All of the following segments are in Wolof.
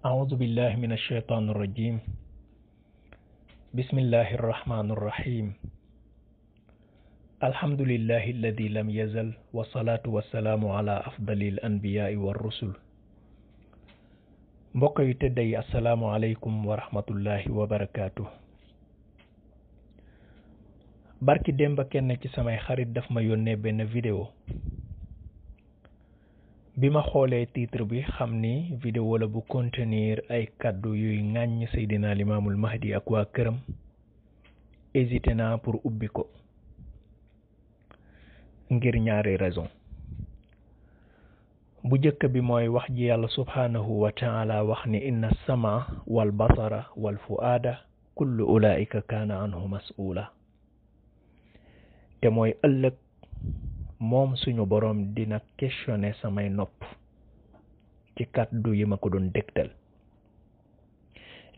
أعوذ بالله من الشيطان الرجيم بسم الله الرحمن الرحيم الحمد لله الذي لم يزل والصلاة والسلام على أفضل الأنبياء والرسل بقي تدي السلام عليكم ورحمة الله وبركاته barki demba kenn ci samay xarit daf ma yónnee bi ma xoolee titre bi xam ni vidéo la bu contenir ay kàddu yuy ŋàññ Seydina Limaamul Mahdi ak waa këram hésité naa pour ubbi ko ngir ñaari raison bu jëkk bi mooy wax ji yàlla subhaanahu wa taala wax ni inna sama wal basara wal fuaada kullu ulaika kaana anhu mas'uula te mooy ëllëg moom suñu boroom dina questionner samay nopp ci kàddu yi ma ko doon dégtal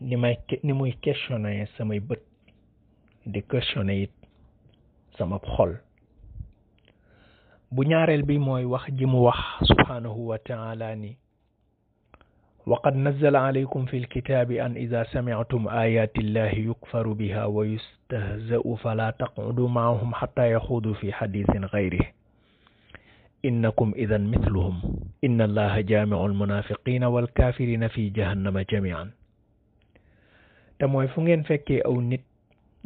ni may ni muy questionner samay bët di questionner it sama xol bu ñaareel bi mooy wax ji mu wax subhaanahu wa taala ni waqad nazzala alaykum fi lkitaabi an ida samictum ayaati illahi yukfaru biha wa yustahzau fala taqcudu maahum xata yaxuudu fi xadisin gayrih innakum idan mithluhum inna allaha jaamiu almunafiqina walkaafirina fi jahannama jamian te mooy fu ngeen fekkee aw nit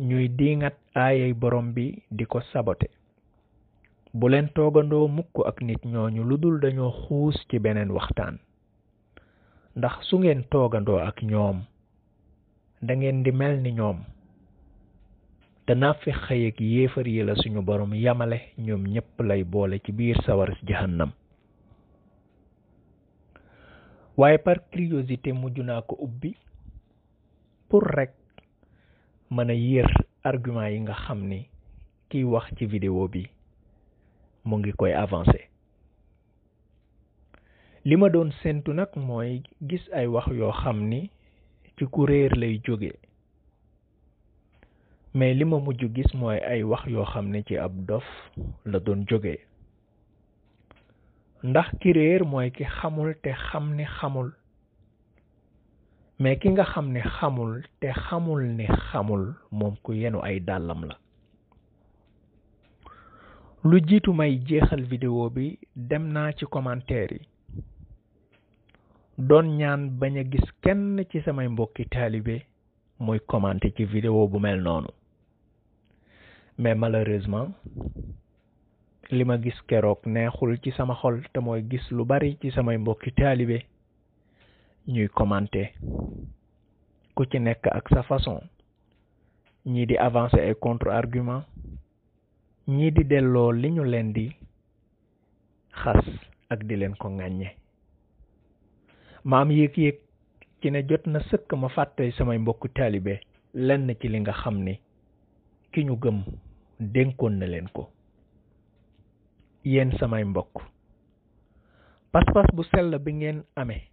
ñuy diŋat aayay boroom bi di ko sabote bu leen toogandoo mukk ak nit ñooñu lu dul dañoo xuus ci beneen waxtaan ndax su ngeen toogandoo ak ñoom dangeen di mel ni ñoom te naafeq yeeg yéefar yi la suñu borom yamale ñoom ñépp lay boole ci biir sawar jahannam waaye par curiosité mujj naa ko ubbi pour rekk mën a yër argument yi nga xam ni kiy wax ci vidéo bi mu ngi koy avancé li ma doon séntu nag mooy gis ay wax yoo xam ni ci kuréer lay jóge mais li ma mujj gis mooy ay wax yoo xam ne ci ab dof la doon jóge ndax ki réer mooy ki xamul te xam ne xamul mais ki nga xam ne xamul xamul ne xamul moom ku yenu ay dàllam la lu jiitu may jeexal vidéo bi dem naa ci commentaire yi doon ñaan bañ a gis kenn ci samay mbokki taalibe muy commenté ci vidéo bu mel noonu mais malheureusement li ma gis keroog neexul ci sama xol te mooy gis lu bari ci samay mbokki taalibe ñuy commenter ku ci nekk ak sa façon ñii di avancé ay contre argument ñii di delloo li ñu leen di xas ak di leen ko ŋàññe maam yëg-yëg ci ne jot na sëkk ma fàtte samay mbokku taalibe lenn ci li nga xam ni ki ñu gëm dénkoon na leen ko yéen samay mbokk pas-pas bu sell bi ngeen amee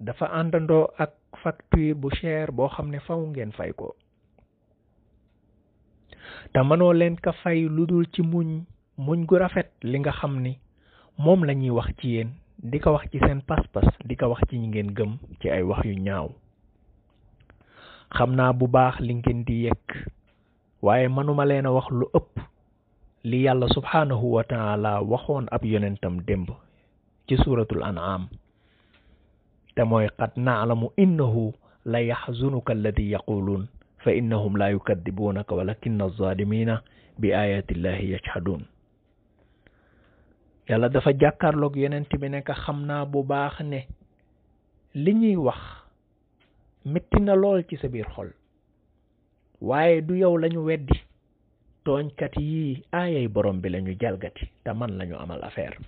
dafa àndandoo ak facture bu cher boo xam ne faw ngeen fay ko te mënoo leen ka fay lu dul ci muñ muñ gu rafet li nga xam ni moom lañuy wax ci yéen di ko wax ci seen pas-pas di ko wax ci ñi ngeen gëm ci ay wax yu ñaaw xam naa bu baax li ngeen di yekk waaye manuma leen a wax lu ëpp li yàlla subhanahu wa taala waxoon ab yonentam démb ci suratul an'am te mooy qad naalamu innahu la yaxzunuka alladi yaquluun fa innahum laa yukadibuunaka walakin alzaalimiina bi ayati llahi yajhadun yàlla dafa jàkkaarloog yonent bi ne ko xam naa bu baax ne li ñuy wax métti na lool ci sa biir xol waaye du yow lañu weddi tooñkat yi aayay borom bi lañu jalgati te man lañu amal affaire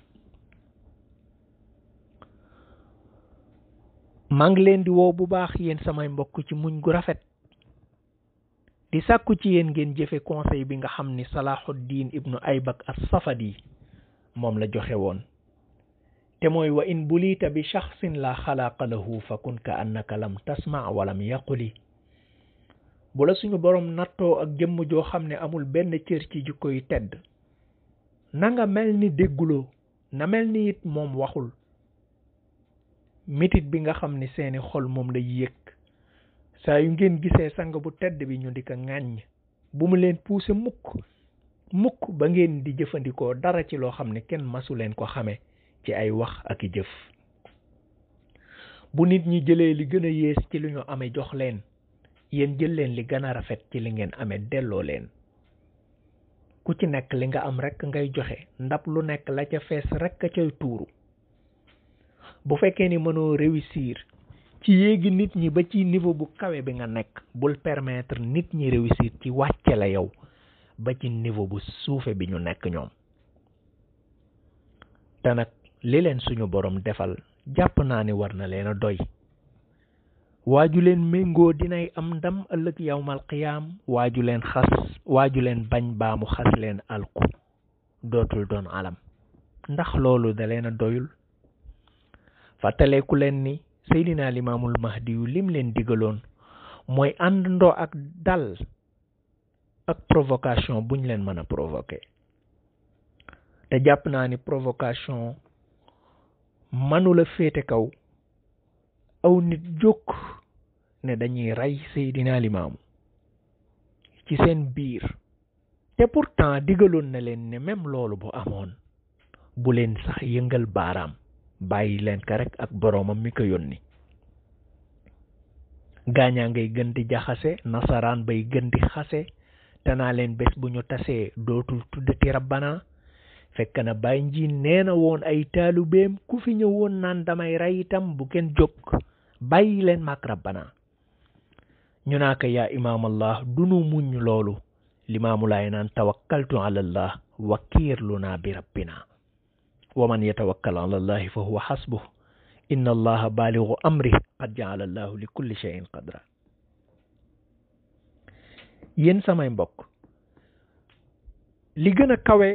maa ngi leen di woo bu baax yéen samay mbokk ci muñ gu rafet di sàkku ci yéen ngeen jëfe conseil bi nga xam ni Salahuddin ibnu Aybak as-Safadi moom la joxe woon te mooy wa in bulita bi shaxsin la xalaaqa lahu fa kun ka annaka lam tasma walam yaquli bu la suñu borom nattoo ak jëmm joo xam ne amul benn cër ci jikko koy tedd na nga mel ni dégguloo na mel ni it moom waxul mitit bi nga xam ni seeni xol moom lay yëg saa yu ngeen gisee sang bu tedd bi ñu di ko ŋàññ bu mu leen puuse mukk mukk ba ngeen di jëfandikoo dara ci loo xam ne kenn masu leen ko xamee ci ay wax ak i jëf bu nit ñi jëlee li gën a yées ci lu ñu amee jox leen yéen jël leen li gën a rafet ci li ngeen amee delloo leen ku ci nekk li nga am rek ngay joxe ndab lu nekk la ca fees rek a cay tuuru bu fekkee ni mënoo réussir ci yéegi nit ñi ba ci niveau bu kawe bi nga nekk bul permettre nit ñi réussir ci wàcce la yow ba ci niveau bu suufe bi ñu nekk ñoom te nag li leen suñu borom defal jàpp naa ni war na leen a doy waaju leen méngoo dinay am ndam ëllëg yawmal qiyaam waaju leen xas waaju leen bañ baamu xas leen alku dootul doon alam ndax loolu da leen a doyul fàttaleeku leen ni seydinaa limaamul mahdi yu lim leen digaloon mooy àndandoo ak dal ak provocation buñ leen mën a provoqué te jàpp naa ni provocation mënula féete kaw aw nit jóg ne dañuy rey Seydina Limaamu ci seen biir te pourtant digaloon na leen ne même loolu bu amoon bu leen sax yëngal baaraam bàyyi leen ko rekk ak boroomam mi ko yónni gaañaa ngay gën di jaxase nasaraan bay gën di xase te naa leen bés bu ñu tasee dootul tuddati rabbana fekk na bàyyi njiin nee woon ay taalubeem ku fi ñëwoon naan damay rey itam bu kenn jóg bàyyi leen maak rabbana ñu naa ko yaa imaamallah dunu muñ loolu limaamulaay naan tawakkaltu alallah wakiirlu naa bi rabbina wa man yatawakkal fa huwa xasbuh inna allaha baaligu amri qad jaala allahu li kulli cheyin qadra yéen samay mbokk li gën kawe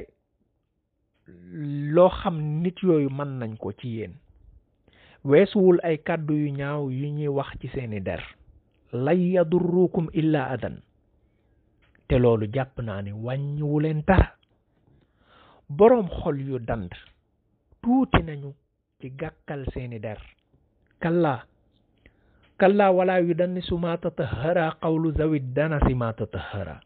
loo xam nit yooyu mën nañ ko ci yéen weesuwul ay kàddu yu ñaaw yu ñuy wax ci seeni der lan yadurrukum illa adan te loolu jàpp naa ne wàññiwu leen dara boroom xol yu dand tuuti nañu ci gàkkal seeni der kallaa kallaa walaa yu danni su ma tatahara qawlu zawid danasi ma tatahara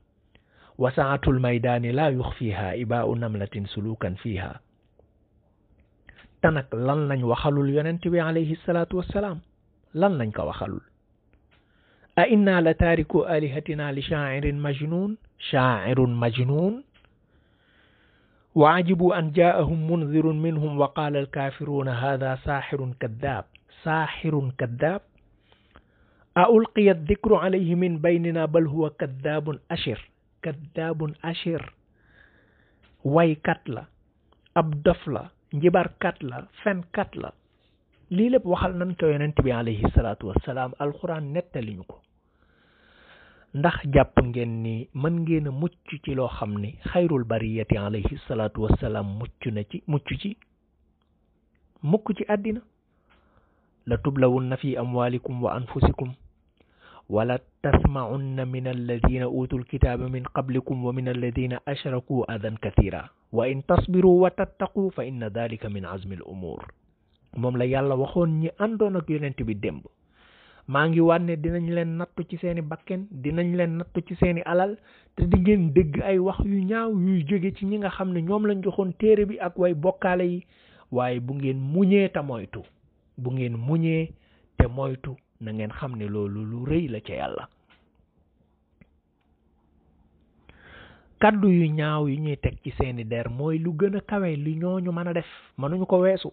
wa saatul maydaani laa yuxfiha ibaau namlatin sulukan fiha te nag lan lañ waxalul yonent bi alayhi salaatu wassalaam lan lañ ko waxalul أئنا لتاركو آلهتنا لشاعر مجنون شاعر مجنون وعجبوا أن جاءهم منذر منهم وقال الكافرون هذا ساحر كذاب ساحر كذاب ألقي الذكر عليه من بيننا بل هو كذاب أشر كذاب أشر وي كتلة أبدفلة جبر كتلة فن كتلة ليلب وخلنا نتوين عليه الصلاة والسلام ko نتلمكم ndax jàpp ngeen ni man ngeen a mucc ci loo xam ni xayrul bariyati alayhi salaatu wasalaam mucc na ci mucc ci mukk ci àddina la tublawunna fi amwalikum wa anfusikum ولا تسمعن من الذين أوتوا الكتاب من قبلكم ومن الذين أشركوا أذى كثيرا وإن تصبروا وتتقوا فإن ذلك من عزم الأمور moom la yàlla waxoon ñi àndoon ak yonent bi démb maa ngi waat dinañ leen nattu ci seeni bakken dinañ leen nattu ci seeni alal te di ngeen dégg ay wax yu ñaaw yuy jóge ci ñi nga xam ne ñoom lañ joxoon téere bi ak way bokkaale yi waaye bu ngeen muñee te moytu bu ngeen muñee te moytu na ngeen xam ne loolu lu rëy la ca yàlla kàddu yu ñaaw yu ñuy teg ci seeni der mooy lu gën a kawe li ñooñu mën a def mënuñu ko weesu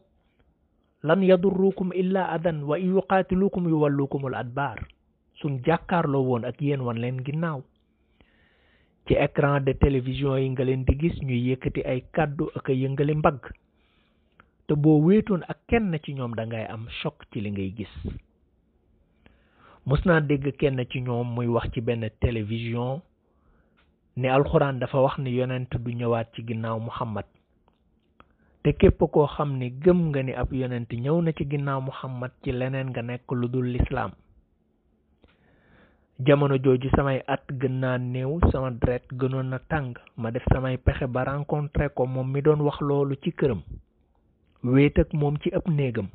lan yadurrukum illa adan wa in yuqaatilukum yuwallukumul adbaar suñ jàkkaarloo woon ak yéen wan leen ginnaaw ci écran de télévision yi nga leen di gis ñuy yëkkati ay kàddu ak a yëngali mbagg te boo wéetoon ak kenn ci ñoom dangay am choc ci li ngay gis mës naa dégg kenn ci ñoom muy wax ci benn télévision ne alxuraan dafa wax ni yonent du ñëwaat ci ginnaaw muhammad te képp koo xam ne gëmm nga ni ab yonent ñëw na ci ginnaaw muhammad ci leneen nga nekk ludul lislaam jamono jooju samay at gën naa néew sama dret gënoon na tàng ma def samay pexe ba rencontré ko moom mi doon wax loolu ci këram wéet ak moom ci ab néegam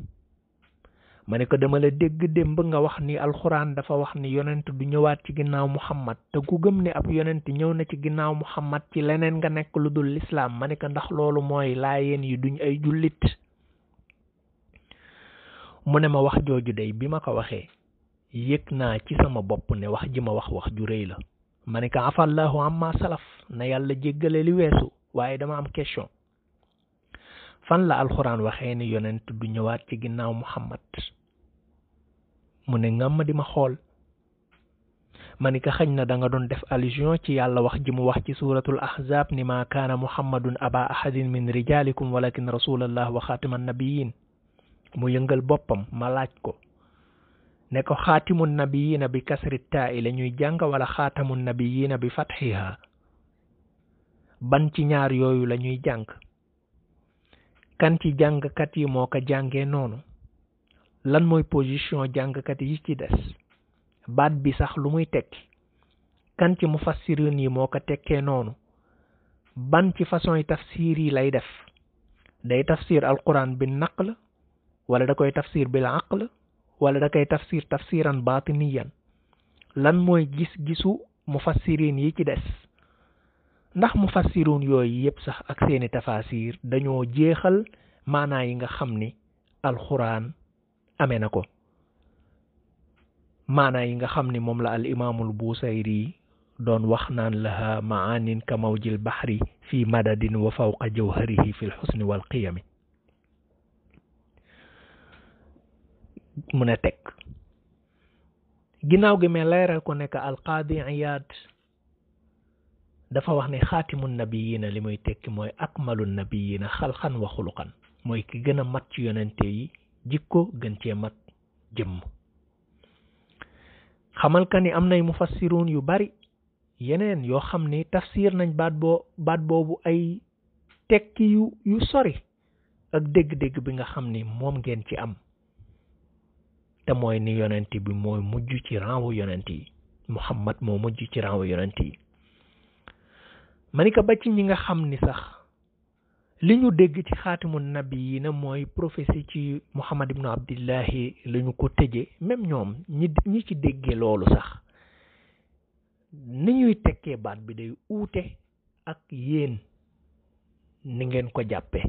ma ne ko dama la dégg démb nga wax ni alxuraan dafa wax ni yonent du ñëwaat ci ginnaaw muhammad te ku gëm ni ab yonent ñëw na ci ginnaaw muhammad ci leneen nga nekk lu dul lislaam ma ne ko ndax loolu mooy laayeen yi duñ ay jullit mu ne ma wax jooju day bi ma ko waxee yëg naa ci sama bopp ne wax ji ma wax wax ju rëy la ma ne ko afallahu salaf na yàlla jéggale li weesu waaye dama am question fan la alxuraan waxee ni yonent du ñëwaat ci ginnaaw muhammad mu ne ngàmm di ma xool ma ni ko xañ na danga doon def allusion ci yàlla wax ji mu wax ci suuratul ahzaab ni maa kaana muhammadun aba ahadin min rijaalikum walakin rasulallah wa xaatiman nabiyin mu yëngal boppam ma laaj ko ne ko xaatimun nabiyiina bi kasri taa'i la ñuy jàng wala xaatamun nabiyiina bi fatxiha ban ci ñaar yooyu la ñuy jàng kan ci jàngkat yi moo ko jàngee noonu lan mooy position jàngkat yi ci des baat bi sax lu muy tekki kan ci mufassirin yi moo ko tekkee noonu ban ci façon yi tafsir yi lay def day tafsir alquran bi naql wala da koy tafsir bil aql wala da koy tafsir tafsiran batiniyan lan mooy gis-gisu mufassirin yi ci des ndax mufassirun yooyu yépp sax ak seeni tafasir dañoo jeexal maanaa yi nga xam ni alquran amee na ko maana yi nga xam ni moom la al imaamul doon wax naan laha maanin ka mawjil baxri fi madadin wa fawqa jawharihi fi lxusni wal qiyami mu ne teg ginnaaw gi mais leeral ko nekk alqaadi iyaad dafa wax ne xaatimu nabiyiina li muy tekki mooy akmalu nabiyiina xalxan wa xuluqan mooy ki gën a mat ci yonente yi jikko gën cee mat jëmm xamal ka ni am nay mufassiruun yu bari yeneen yoo xam ni tafsir nañ baat boo baat boobu ay tekki yu sori ak dégg-dégg bi nga xam ni moom ngeen ci am te mooy ni yonent bi mooy mujj ci ranwu yonent yi Muhammad moo mujj ci ranwu yonent yi manika ba ci ñi nga xam ni sax li ñu dégg ci xaatimu nabi yi na mooy prophétie ci Muhammad ibnu Abdillahi la ko tëjee même ñoom ñi ñi ci déggee loolu sax ni ñuy tekkee baat bi day uute ak yéen ni ngeen ko jàppe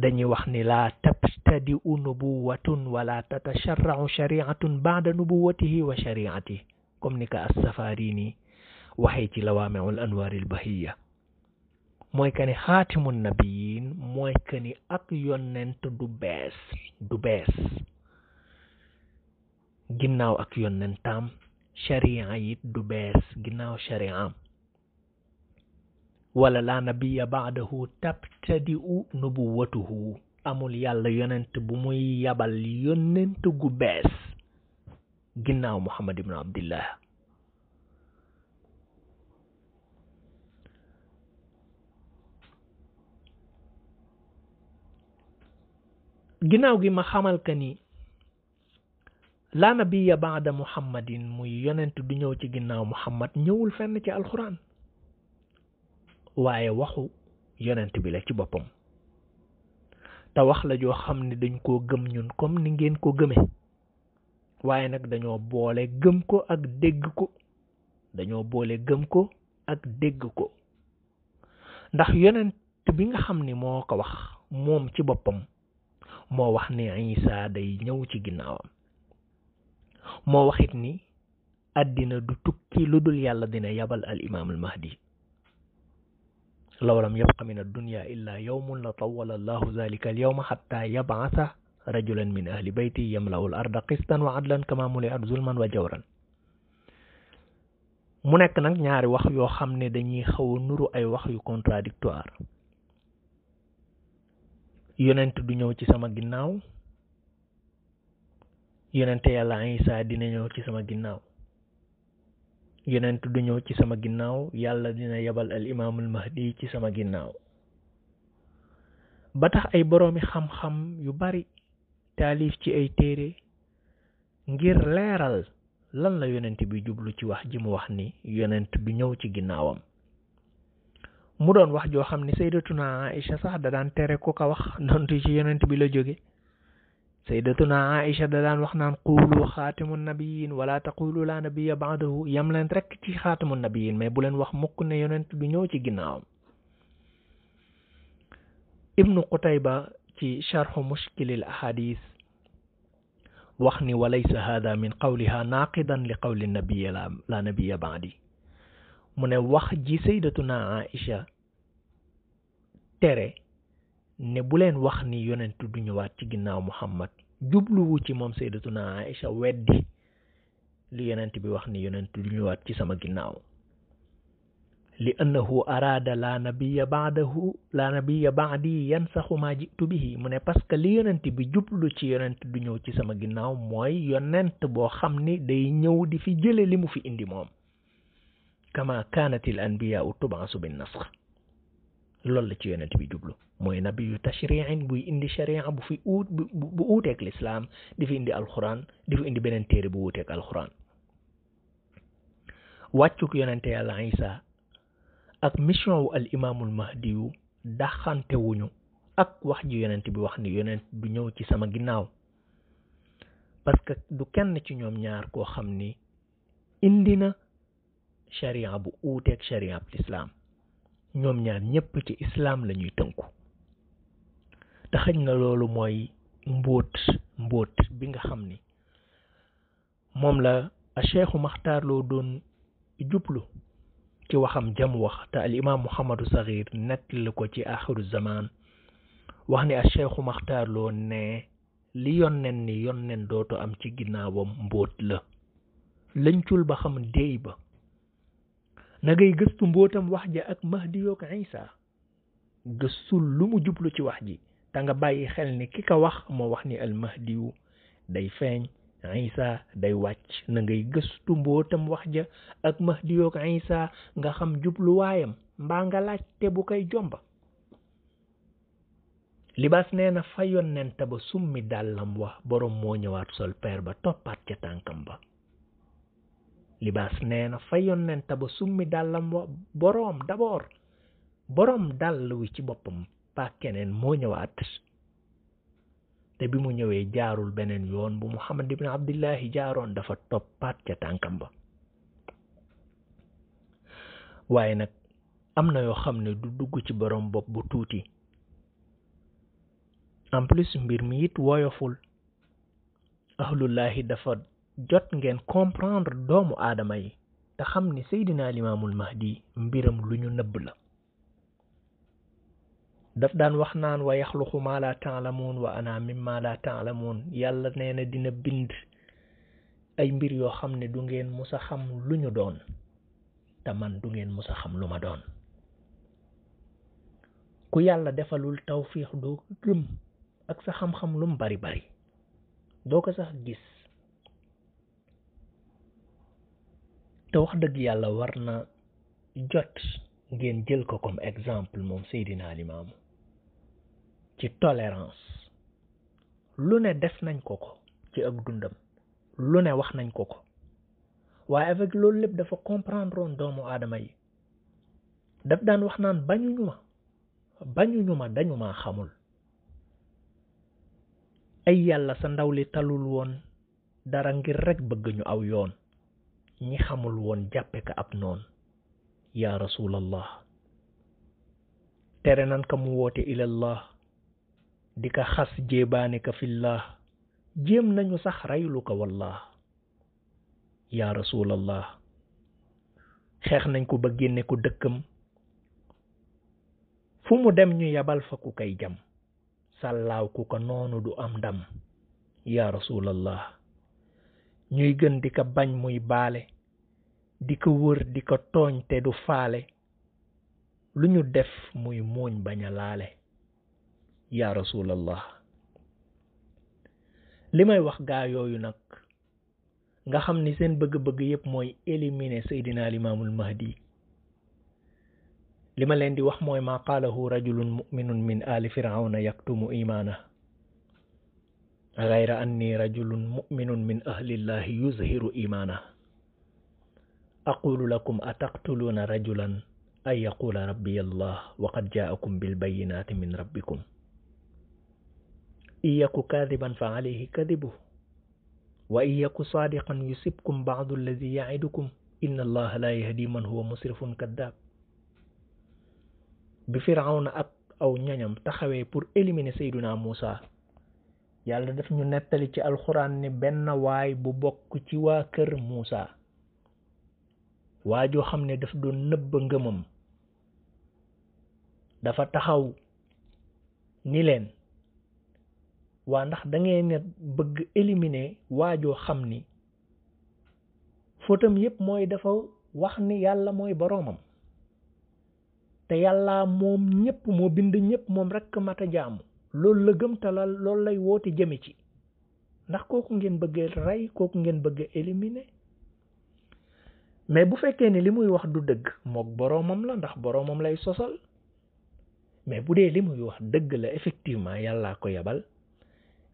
dañuy wax ni laa tabtadiu nubuwatun wala tatasharrau shariatun baada nubuwatihi wa shariati comme ni ko as-Safarini waxee ci lawaamiul anwaaril bahiya mooy que ni xaatimun nabiyin mooy que ni ak yonent du bees du ginnaaw ak yonentam sharia it du bees ginnaaw shariam wala laa nabiya baadahu tabtadi'u nubuwatuhu amul yàlla yonent bu muy yabal yonent gu bees ginnaaw muhammad ibnu abdillah ginnaaw gi ma xamal ka ni laa nabiya baada muhammadin muy yonent du ñëw ci ginnaaw muhammad ñëwul fenn ci alxuraan waaye waxu yonent bi la ci boppam te wax la joo xam ne dañ koo gëm ñun comme ni ngeen ko gëmee waaye nag dañoo boole gëm ko ak dégg ko dañoo boole gëm ko ak dégg ko ndax yonent bi nga xam ni moo ko wax moom ci boppam moo wax ne Isa day ñëw ci ginnaawam moo waxit ni àddina du tukki lu dul yàlla dina yabal al imaam al mahdi law lam yabqa min addunya illa yawmun la tawala allahu zalika al yawma xatta yab'atha rajulan min ahli bayti yamla'u al arda qistan wa adlan kama muli'at zulman wa jawran mu nekk nag ñaari wax yoo xam ne dañuy xaw a nuru ay wax yu contradictoire yonent du ñëw ci sama ginnaaw yonente yàlla Isa dina ñëw ci sama ginnaaw yonent du ñëw ci sama ginnaaw yàlla dina yebal al imaamul mahdi ci sama ginnaaw ba tax ay boroomi xam-xam yu bari taalif ci ay téere ngir leeral lan la yonent bi jublu ci wax ji mu wax ni yonent du ñëw ci ginnaawam mu doon wax joo xam ne saydatuna Aïcha sax da daan tere ku ka wax nontu ci yonent bi la jóge saydatuna Aïcha da daan wax naan quulu xaatimu nabiyin wala taqulu la nabiya baadahu yam leen rek ci xaatimu nabiyin mais bu leen wax mukk ne yonent bi ñoo ci ginnaawam ibnu Qutayba ci charxu mushkilil ahadis wax ni walaysa hada min qawliha naaqidan li qawli nabiya la nabiya baadi mu ne wax ji na Aïcha tere ne bu leen wax ni yonent du ñëwaat ci ginnaaw Muhammad jubluwu ci moom saydatuna Aïcha weddi li yonent bi wax ni yonent du ñëwaat ci sama ginnaaw li annahu araada laa nabiya baadahu laa nabiya baadi yansaxu maa jitu bihi mu ne parce que li yonent bi jublu ci yonent du ñëw ci sama ginnaaw mooy yonent boo xam ni day ñëw di fi jële li mu fi indi moom kama kaanatil anbiyaau tubaasu bin nasx loolu la ci yonent bi jublu mooy nabiyu tashriin buy indi sharia bu fi uut bu lislaam di fi indi alxuraan di fi indi beneen téere bu uuteeg alxuraan wàccuk yonente yàlla isa ak mission wu al imaamul mahdi yu daxante ak wax ji yonent bi wax ni yonent du ñëw ci sama ginnaaw parce que du kenn ci ñoom ñaar koo xam ni indi na sharia bu uuteeg sharia bu lislaam ñoom ñaar ñépp ci islaam la ñuy tënku te xëj na loolu mooy mbóot mbóot bi nga xam ni moom la cheikhu maxtaar loo doon jublu ci waxam jam wax te al imaam muhammadu saxiir nettali ko ci axiru zamaan wax ni a cheikhu maxtaar ne li yonnen ni yonnen dootu am ci ginnaawam mbóot la lëncul ba xam déy ba na ngay gëstu mbootam wax ja ak mahdi yook isa gëstul lu mu jublu ci wax ji te nga bàyyi xel ni ki ko wax moo wax ni al almahdiyu day feeñ isa day wàcc na ngay gëstu mbootam wax ja ak mahdi yook isa nga xam jubluwaayam mbaa nga laajte bu koy jomba libaas nee na fa yonent ba summi dàllam wa boroom moo ñëwaat solpeer ba toppaat ca tànkam ba libaas nee na fa yonent ba summi dàllam wa boroom d'abord boroom dàll wi ci boppam pa keneen moo ñëwaat te bi mu ñëwee jaarul beneen yoon bu Muhammad ibn Abdillahi jaaroon dafa toppaat ca tànkam ba waaye nag am na yoo xam ne du dugg ci boroom bopp bu tuuti en plus mbir mi it woyoful ahlullahi dafa jot ngeen comprendre doomu aadama yi te xam ni Seydina Limaamul Mahdi mbiram lu ñu nëbb la daf daan wax naan wa yaxluqu maa laa taalamuun wa ana mimmaa laa taalamuun yàlla nee dina bind ay mbir yoo xam ne du ngeen mus xam lu ñu doon te man du ngeen mus xam lu ma doon ku yàlla defalul tawfiix doo gëm ak sa xam-xam lu bari bari doo ko sax gis te wax dëgg yàlla war na jot ngeen jël ko comme exemple moom Seydina Limaamu ci tolérance lu ne def nañ ko ko ci ak dundam lu ne wax nañ ko ko waaye avec loolu lépp dafa comprendre woon doomu aadama yi daf daan wax naan bañuñu ma bañuñu ma dañu maa xamul ay yàlla sa ndaw li talul woon dara ngir rekk bëgg ñu aw yoon ñi xamul woon jàppe ka ab noon yaa rasulallah tere nan ka mu woote ilallah di ko xas jéebaane ka fillah jéem nañu sax raylu ka wallah yaa rasulallah xeex nañ ko ba génne ko dëkkam fu mu dem ñu yabal fa ku kay jam sàllaaw ku ko noonu du am ndam yaa rasulallah ñuy gën di ko bañ muy baale di ko wër di ko tooñ te du faale lu ñu def muy mooñ bañ a laale yaa rasulallah li may wax gaa yooyu nag nga xam ni seen bëgg-bëgg yépp mooy éliminer seydina limaamul mahdi li ma leen di wax mooy maa qaalahu rajulun muminun min ali firawna yaktumu imaana غير أني رجل مؤمن من أهل الله يظهر إيمانه أقول لكم أتقتلون رجلا أن يقول ربي الله وقد جاءكم بالبينات من ربكم إن يك كاذبا فعليه كذبه وإن يك صادقا يصبكم بعض الذي يعدكم إن الله لا يهدي من هو مسرف كذاب بفرعون أك أو نيانم تخوي بور éliminer سيدنا موسى yalla daf ñu netali ci alquran ne ben way bu bok ci wa kër musa waajo xamne ne daf do neub ngëmam dafa taxaw ni len wa ndax da ngay ne bëgg éliminer waajo xamni fotam yépp mooy dafa wax ni yàlla mooy boromam te yàlla moom ñépp moo bind ñépp moom rek mata jaamu loolu la gëm te loolu lay woote jëme ci ndax kooku ngeen bëggee rey kooku ngeen bëggee éliminer mais bu fekkee ne li muy wax du dëgg mook boroomam la ndax boroomam lay sosal mais bu dee li muy wax dëgg la effectivement yàllaa ko yabal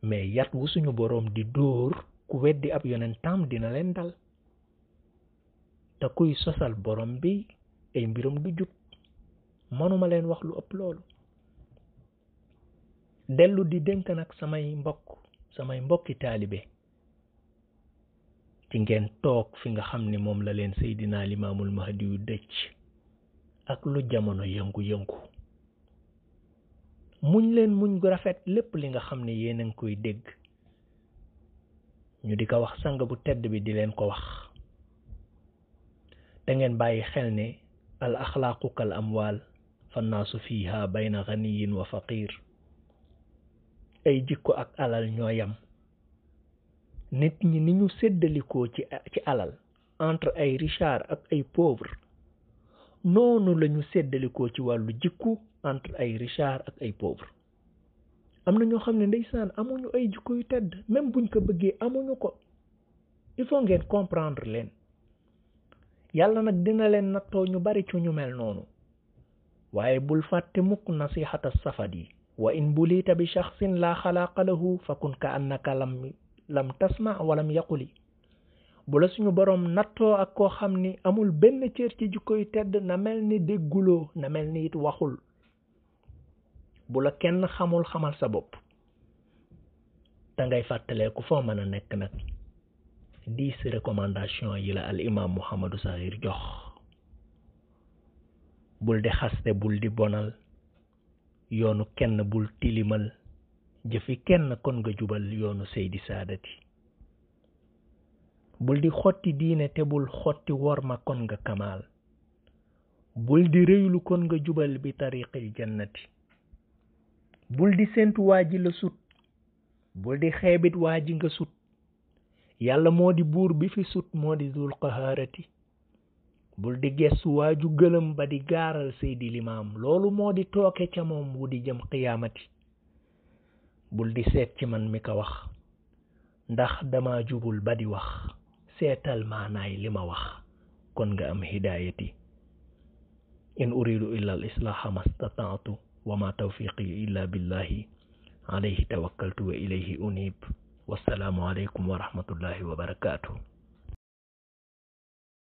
mais yat wu suñu borom di dóor ku weddi ab yonentam dina leen dal te kuy sosal borom bi ay mbiram du jub manuma leen wax lu ëpp loolu dellu di dénk nag samay mbokk samay mbokki taalibe ci ngeen toog fi nga xam ni moom la leen Seydina Limaamul Mahdi yu dëcc ak lu jamono yëngu-yëngu muñ leen muñ gu rafet lépp li nga xam ne yéen a ngi koy dégg ñu di ko wax sang bu tedd bi di leen ko wax te ngeen bàyyi xel ne al axlaaqu kal amwaal fannaasu fiiha bayna ganiyin wa faqir ay jikko ak alal ñoo yam nit ñi ni ñu séddalikoo ci ci alal entre ay richard ak ay pauvre noonu lañu ñu ci wàllu jikku entre ay richard ak ay pauvre am na ñoo xam ne ndeysaan amuñu ay jikko yu tedd même buñ ko bëggee amuñu ko il faut ngeen comprendre leen yàlla nag dina leen nattoo ñu bari ci ñu mel noonu waaye bul fàtte mukk na nasihata safad yi wa in bulita bi shaxsin laa xalaaqa lahu fakun ka annaka lam lam walam yaquli bu la suñu boroom nattoo ak koo xam ni amul benn cër ci koy tedd na mel ni dégguloo na mel ni it waxul bu la kenn xamul xamal sa bopp te ngay fàttaleeku foo mën nekk nag dix recommandation yi la al imam Mouhamadou Sakhir jox bul di xaste bul di bonal yoonu kenn bul tilimal jëfi kenn kon nga jubal yoonu seydi saadati bul di xotti diine te bul xotti worma kon nga kamaal bul di réylu kon nga jubal bi tariqil jannati bul di séentu la sut bul di xeebit waa ji nga sut yàlla moo di buur bi fi sut moo di dul qahaarati bul di gestu waaju gëlëm ba di gaaral seydi limaam loolu moo di tooke ca wu di jëm qiyaamati bul di seet ci man mi ko wax ndax dama jubul badi di wax seetal maanaay li ma wax kon nga am hidaayati in uridu illa al ma stataatu wa ma tawfiqi illa billahi alayhi tawakkaltu wa ilayhi unib wassalaamu aleykum wa rahmatullahi